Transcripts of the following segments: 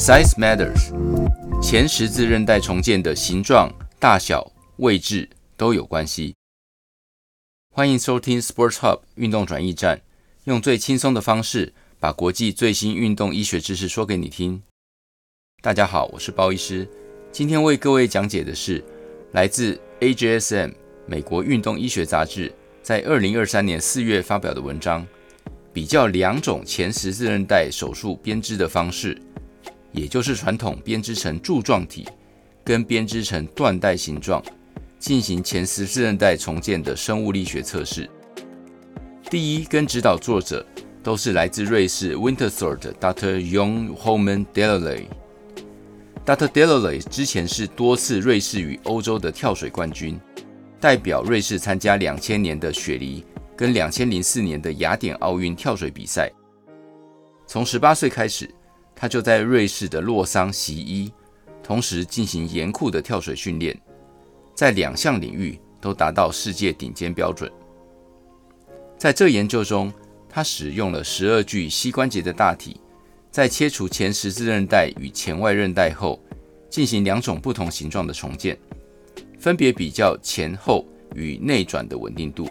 Size matters，前十字韌帶重建的形狀、大小、位置都有關係。歡迎收聽 Sports Hub 運動轉驛站，用最輕鬆的方式把國際最新運動醫學知識說給你聽。大家好，我是包醫師，今天為各位講解的是來自 AJSM 美國運動醫學雜誌在二零二三年四月發表的文章，比較兩種前十字韌帶手術編織的方式。也就是傳統編織成柱狀體，跟編織成緞帶形狀，進行前十字韌帶重建的生物力學測試。第一跟指導作者都是來自瑞士 Winterthur Dr. Young Holman Delaey。Dr. Delaey 之前是多次瑞士與歐洲的跳水冠軍，代表瑞士參加兩千年的雪梨跟兩千零四年的雅典奧運跳水比賽，從十八歲開始，他就在瑞士的洛桑習醫，同時進行嚴酷的跳水訓練，在兩項領域都達到世界頂尖標準。在這研究中，他使用了十二具膝關節的大體，在切除前十字韌帶與前外韌帶後，進行兩種不同形狀的重建，分別比較前後與內轉的穩定度。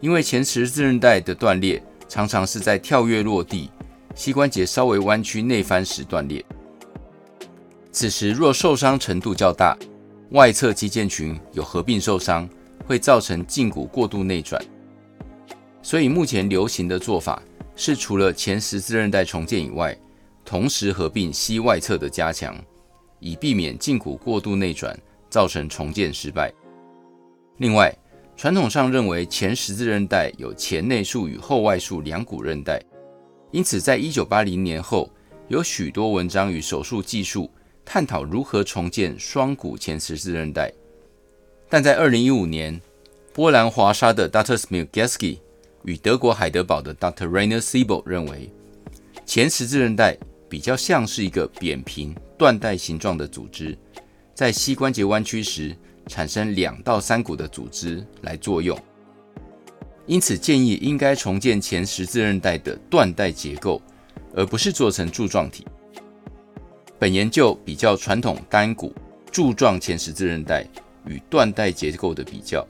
因為前十字韌帶的斷裂常常是在跳躍落地。膝關節稍微彎曲內翻時斷裂，此時若受傷程度較大，外側肌腱群有合併受傷，會造成脛骨過度內轉。所以目前流行的做法是，除了前十字韌帶重建以外，同時合併膝外側的加強，以避免脛骨過度內轉造成重建失敗。另外，傳統上認為前十字韌帶有前內束與後外束兩股韌帶。因此，在一九八零年後，有許多文章與手術技術探討如何重建雙股前十字韌帶。但在二零一五年，波蘭華沙的 Dr. Smilgaski 與德國海德堡的 Dr. Rainer Siebel 認為，前十字韌帶比較像是一個扁平緞帶形狀的組織，在膝關節彎曲時產生兩到三股的組織來作用。因此，建議應該重建前十字韌帶的緞帶結構，而不是做成柱狀體。本研究比較傳統單股柱狀前十字韌帶與緞帶結構的比較，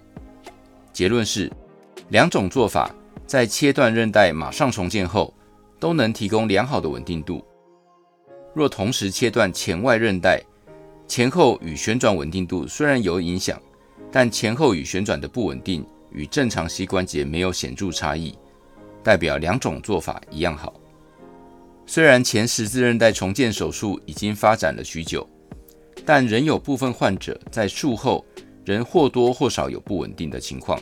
結論是兩種做法在切斷韌帶馬上重建後，都能提供良好的穩定度。若同時切斷前外韌帶，前後與旋轉穩定度雖然有影響，但前後與旋轉的不穩定。與正常膝關節沒有顯著差異，代表兩種做法一樣好。雖然前十字韌帶重建手術已經發展了許久，但仍有部分患者在術後仍或多或少有不穩定的情況。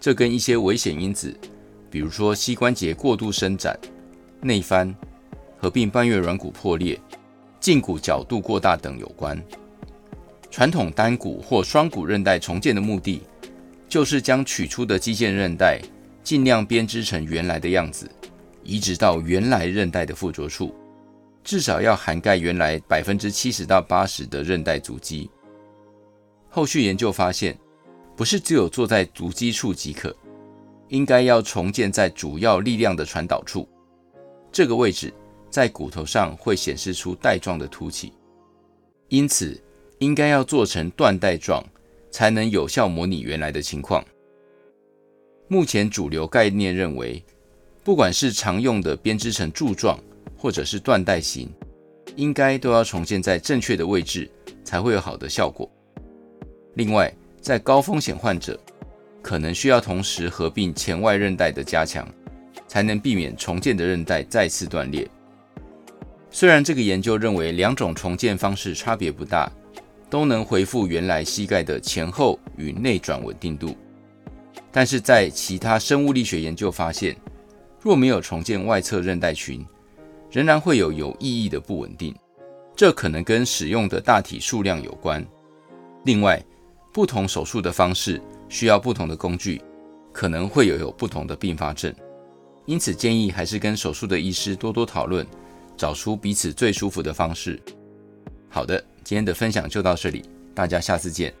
這跟一些危險因子，比如說膝關節過度伸展、內翻、合併半月軟骨破裂、脛骨角度過大等有關。傳統單股或雙股韌帶重建的目的，就是將取出的肌腱韌帶儘量編織成原來的樣子，移植到原來韌帶的附着處，至少要涵蓋原來百分之七十到八十的韌帶足跡。後續研究發現，不是只有做在足跡處即可，應該要重建在主要力量的傳導處。這個位置在骨頭上會顯示出帶狀的凸起，因此應該要做成緞帶狀。才能有效模擬原來的情況。目前主流概念認為，不管是常用的編織成柱狀，或者是緞帶型，應該都要重建在正確的位置，才會有好的效果。另外，在高風險患者，可能需要同時合併前外韌帶的加強，才能避免重建的韌帶再次斷裂。雖然這個研究認為兩種重建方式差別不大。都能恢復原來膝蓋的前後與內轉穩定度，但是在其他生物力學研究發現，若沒有重建外側韌帶群，仍然會有有意義的不穩定。這可能跟使用的大體數量有關。另外，不同手術的方式需要不同的工具，可能會有有不同的并發症。因此，建議還是跟手術的醫師多多討論，找出彼此最舒服的方式。好的。今天的分享就到這裡，大家下次見。